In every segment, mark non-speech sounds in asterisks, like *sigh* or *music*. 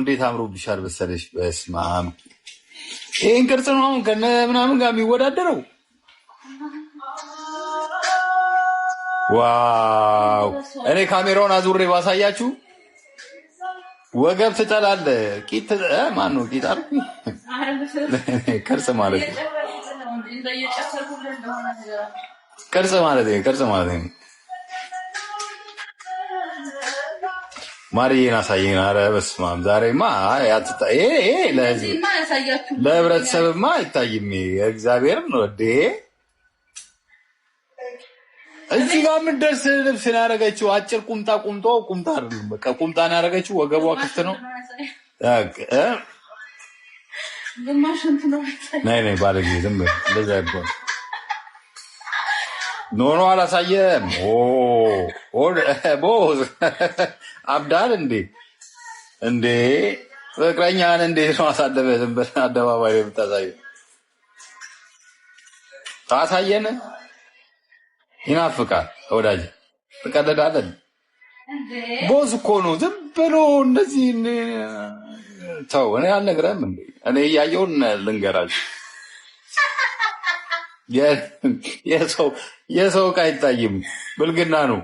እንዴት አምሮብሻል መሰለሽ! በስመ አብ ይህን ቅርጽ ነው አሁን ከነ ምናምን ጋር የሚወዳደረው። ዋው! እኔ ካሜራውን አዙሬ ባሳያችሁ ወገብ ትጠላለ። ቂጥ ማን ነው ቂጥ? ቅርጽ ማለት ነው። ቅርጽ ማለት ነው። ቅርጽ ማለት ነው። ማርዬን አሳየን። ኧረ በስመ አብ ዛሬማ ለህብረተሰብማ አይታይም። እግዚአብሔርን ወደ እዚህ ጋር የምትደርስ ልብስ ያደረገችው አጭር ቁምጣ ቁምጦ ቁምጣ አይደለም፣ በቃ ቁምጣ ያደረገችው ወገቧ ክፍት ነው። ባለጌ ዝም በል እንደዚያ አይባልም። ኖ ኖ አላሳየም። ቦዝ *laughs* አብዳል እንዴ እንዴ ፍቅረኛን እንዴት ነው አሳደበ? ዝም አደባባይ የምታሳየ ታሳየን። ይናፍቃል ወዳጅ፣ ትቀልዳለን። ቦዝ እኮ ነው። ዝም ብሎ እንደዚህ ተው። እኔ አልነግረም እንዴ እኔ እያየውን ልንገራችሁ የሰው ዕቃ አይታይም፣ ብልግና ነው።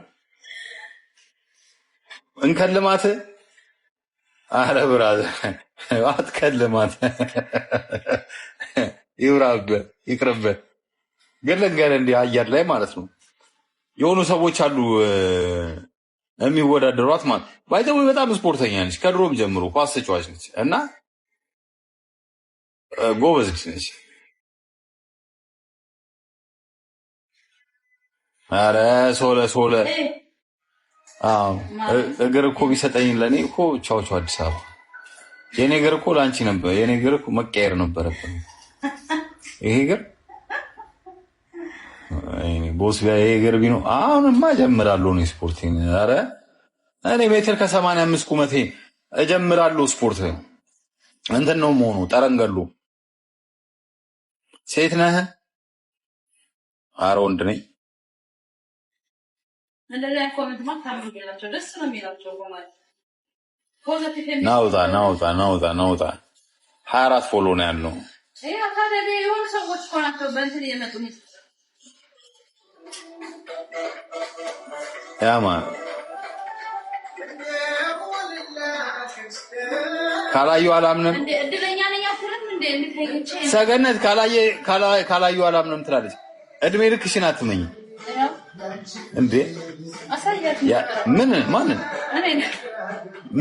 እንከልማት አረ ብራዘር አትከልማት፣ ይብራብህ ይቅርብህ። ግን ልንገር እንዲህ አየር ላይ ማለት ነው የሆኑ ሰዎች አሉ የሚወዳደሯት ማለት ባይተው በጣም ስፖርተኛ ነች፣ ከድሮም ጀምሮ ኳስ ተጫዋች ነች እና ጎበዝ ነች። አረ ሶለ ሶለ እግር እኮ ቢሰጠኝ ለእኔ እኮ ቻው ቻው አዲስ አበባ። የኔ እግር እኮ ለአንቺ ነበር። የኔ እግር እኮ መቀየር ነበረብን። ይሄ እግር ቦስ ቢያ ይሄ እግር ቢኖ አሁንማ እጀምራለሁ ነው ስፖርቴን። አረ እኔ ሜትር ከሰማንያ አምስት ቁመቴ እጀምራለሁ ስፖርት እንትን ነው መሆኑ ጠረንገሉ ሴት ነህ? አረ ወንድ ነኝ። እንደዚህ ኮሜንትማ ታምንላቸው ደስ ነው የሚላቸው ማለት ናውጣ ናውጣ ናውጣ ናውጣ ሀያ አራት ፎሎ ነው ያለው። የሆኑ ሰዎች እኮ ናቸው በእንትን የመጡ ያማ ካላዩ አላምንም ሰገነት ካላየ ካላዩ አላምንም ትላለች። እድሜ ልክሽን አትመኝም እንዴ ምን ማንን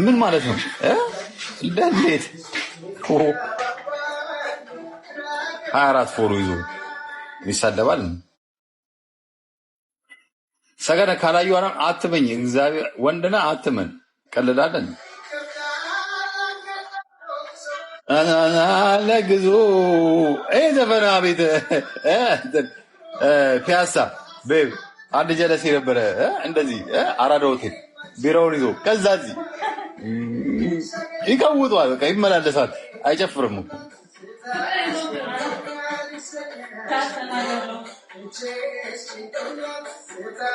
ምን ማለት ነው? እንዴት አራት ፎሎ ይዞ ይሳደባል? ሰገነ ካላዩ አላም አትመኝ። እግዚአብሔር ወንድና አትመን ቀልላለን። አናና ለግዙ ዘፈና ቤት ፒያሳ ቤብ አንድ ጀለሴ ነበረ እንደዚህ አራዳ ሆቴል ቢራውን ይዞ ከዛ እዚህ ይቀውጧል። በቃ ይመላለሳል፣ አይጨፍርም።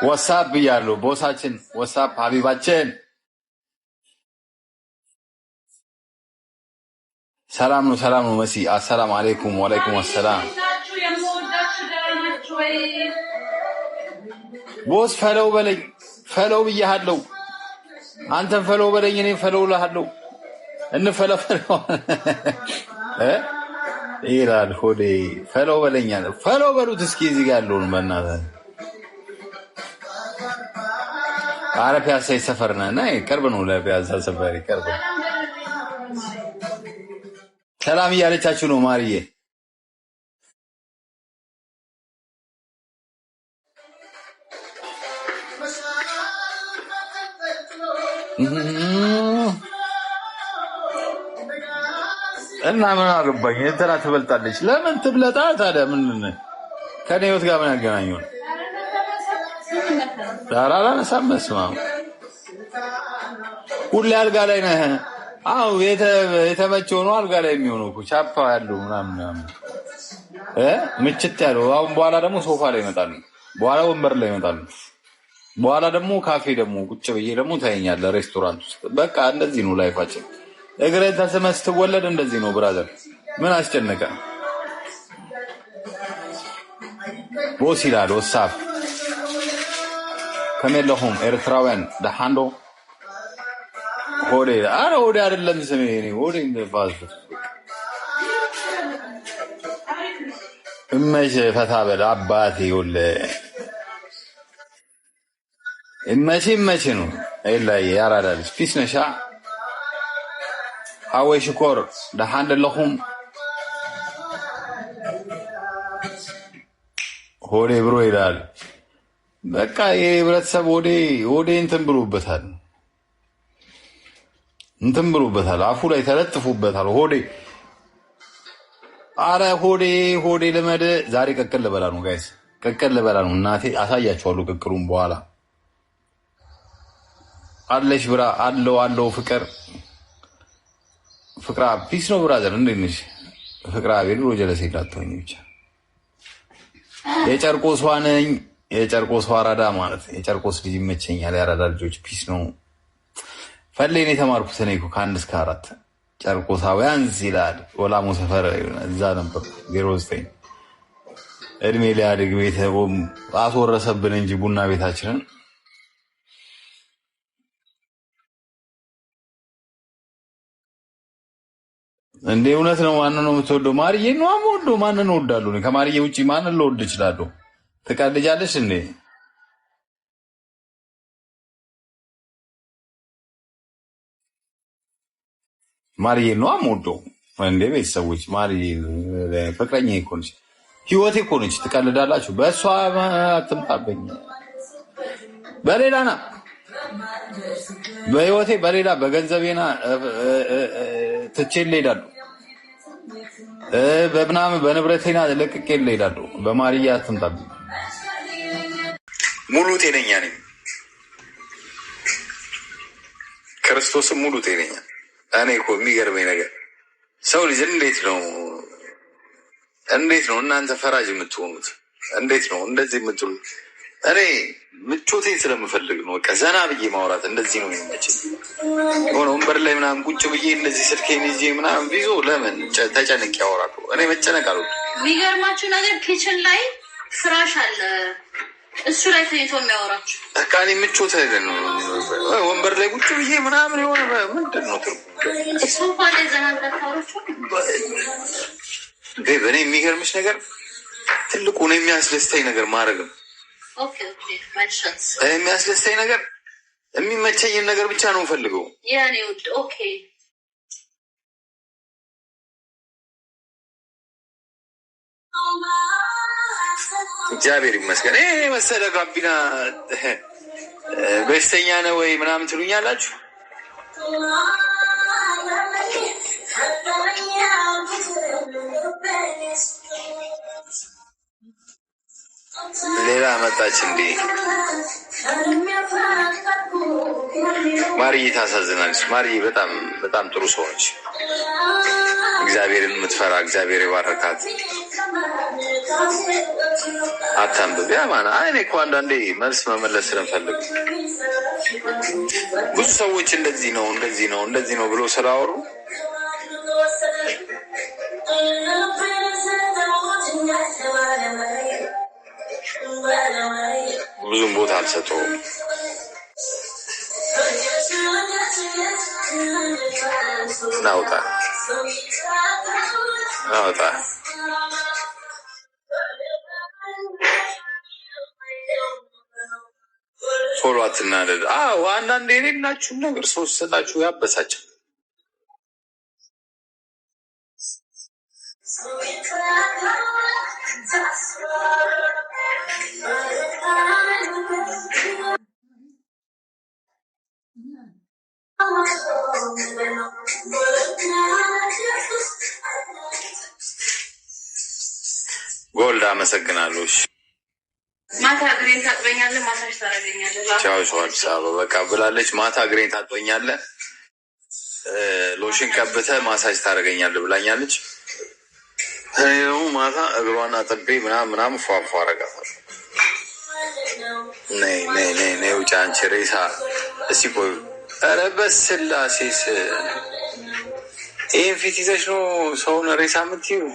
ወሳብ ብያለሁ። ቦሳችን ወሳብ ሀቢባችን ሰላም ነው፣ ሰላም ነው። መሲ አሰላም አሌይኩም። ወአለይኩም አሰላም ቦስ ፈለው በለኝ ፈለው ብያሃለው። አንተን ፈለው በለኝ እኔ ፈለው እልሃለሁ። እንፈለፈለው ይላል ሆዴ። ፈለው በለኝ አለ። ፈለው በሉት እስኪ እዚህ ጋር ያለውን በእናትህ። ኧረ ፒያሳ ሰፈር ነህ እና ቅርብ ነው፣ ለፒያሳ ሰፈር ቅርብ ሰላም እያለቻችሁ ነው ማርዬ እና ምን አገባኝ? እንትና ትበልጣለች። ለምን ትብለጣ ታዲያ? ምን ከኔ ህይወት ጋር ምን ያገናኘው? ዳራ ላነሳም መስማ ሁሌ አልጋ ላይ ነህ። አዎ የተመቸው ነው አልጋ ላይ የሚሆነው እኮ ቻፓ ያለው ምናምን ምናምን እ ምችት ያለው አሁን በኋላ ደግሞ ሶፋ ላይ ይመጣሉ፣ በኋላ ወንበር ላይ ይመጣሉ። በኋላ ደግሞ ካፌ ደግሞ ቁጭ ብዬ ደግሞ ታየኛለ ሬስቶራንት ውስጥ በቃ እንደዚህ ነው ላይፋችን። እግረ ተስመት ስትወለድ እንደዚህ ነው ብራዘር። ምን አስጨነቀ? ቦስ ይላል ወሳፍ ከሜለሆም ኤርትራውያን ደሃንዶ ሆዴ አረ ሆዴ አይደለም ስሜ ሆዴ እመሽ ፈታ በል አባቴ ይኸውልህ መቼ መቼ ነው ላይ ያራዳ ልጅ ፒስ ነሻ ሓወይ ሽኮር ደሓን ዘለኹም ሆዴ ብሮ ይላል። በቃ የህብረተሰብ ወዴ ወዴ እንትን ብሎበታል፣ እንትን ብሎበታል፣ አፉ ላይ ተለጥፉበታል። ሆዴ አረ ሆዴ ሆዴ ልመድ። ዛሬ ቅቅል ልበላ ነው ጋይስ፣ ቅቅል ልበላ ነው እናቴ። አሳያችኋለሁ ቅቅሉን በኋላ አለሽ ብራ አለው አለው ፍቅር ፍቅራ ፒስ ነው ብራዘር፣ እንዴት ነሽ ፍቅራ? ቤሉ ጀለሴ እንዳትሆኝ ብቻ። የጨርቆስ ዋነኝ የጨርቆስ አራዳ ማለት የጨርቆስ ልጅ ይመቸኛል። የአራዳ ልጆች ፒስ ነው። ፈሌን የተማርኩት እኔ እኮ ከአንድ እስከ አራት ጨርቆሳውያን ይላል ወላሞ ሰፈር እዛ ነበር ዜሮ ዘጠኝ እድሜ ሊያድግ ቤት አስወረሰብን እንጂ ቡና ቤታችንን እንዴ እውነት ነው። ማንን ነው የምትወደው? ማርዬ ነው የምወደው። ማንን እወዳለሁ? ከማርዬ ውጭ ማንን ልወድ እችላለሁ? ትቀልጃለሽ እንዴ? ማርዬ ነው የምወደው። እንዴ ቤተሰቦች፣ ማርዬ ፍቅረኛ እኮ ነች፣ ህይወቴ እኮ ነች። ትቀልዳላችሁ። በእሷ አትምጣብኝ። በሌላ ና በህይወቴ በሌላ በገንዘቤና ትቼ እሄዳለሁ። በምናምን በንብረቴና ለቅቄ እሄዳለሁ። በማርያ አትምጣብኝ። ሙሉ ጤነኛ ነኝ። ክርስቶስም ሙሉ ጤነኛ። እኔ እኮ የሚገርመኝ ነገር ሰው ልጅ እንዴት ነው እንዴት ነው እናንተ ፈራጅ የምትሆኑት? እንዴት ነው እንደዚህ የምትሉት? እኔ ምቾቴ ስለምፈልግ ነው። በቃ ዘና ብዬ ማውራት እንደዚህ ነው የሚመችል። ሆነ ወንበር ላይ ምናምን ቁጭ ብዬ እንደዚህ ስልኬን ይዤ ምናምን ቢዞ ለምን ተጨነቅ ያወራሉ። እኔ መጨነቅ አሉ። የሚገርማችሁ ነገር ኪችን ላይ ፍራሽ አለ፣ እሱ ላይ ተኝቶ የሚያወራችሁ በቃ እኔ ምቾት አይደል ወንበር ላይ ቁጭ ብዬ ምናምን የሆነ ምንድን ነው ሶፋ ላይ ዘና ብላታወራችሁ። እኔ የሚገርምሽ ነገር ትልቁ ነው የሚያስደስተኝ ነገር ማድረግ ነው የሚያስደስተኝ ነገር የሚመቸኝን ነገር ብቻ ነው የምፈልገው። እግዚአብሔር ይመስገን። ይህ መሰለ ጋቢና በሽተኛ ነው ወይ ምናምን ትሉኛላችሁ። ሌላ መጣች እንዴ? ማርዬ ታሳዝናለች። ማርዬ በጣም በጣም ጥሩ ሰው ነች። እግዚአብሔርን የምትፈራ እግዚአብሔር የባረካት አታንብብ። ያማን አይኔ እኮ አንዳንዴ መልስ መመለስ ስለምፈልግ ብዙ ሰዎች እንደዚህ ነው እንደዚህ ነው እንደዚህ ነው ብሎ ስላወሩ ቦታ አልሰጠውም። ናውጣ ናውጣ ፎሎ አትናደድ። አዎ አንዳንዴ የሌላችሁን ነገር ሰው ስሰጣችሁ ያበሳጫል። ጎልድ አመሰግናለሁ። ማታ እግሬን ታጥበኛለህ፣ ማሳጅ ታደርገኛለህ። ቻው አዲስ አበባ በቃ ብላለች። ማታ እግሬን ታጥበኛለህ፣ ሎሽን ቀብተህ ማሳጅ ታደርገኛለህ ብላኛለች። ይኸው ማታ እግሯን አጥቤ ምናምን ምናምን ፏፏ አደርጋታለሁ። ነይ ነይ ነይ ነይ ውጭ አንቺ ሬሳ እስኪ ቆይ። ኧረ በስላሴስ ይህን ፊት ይዘሽ ነው ሰውን ሬሳ የምትይው?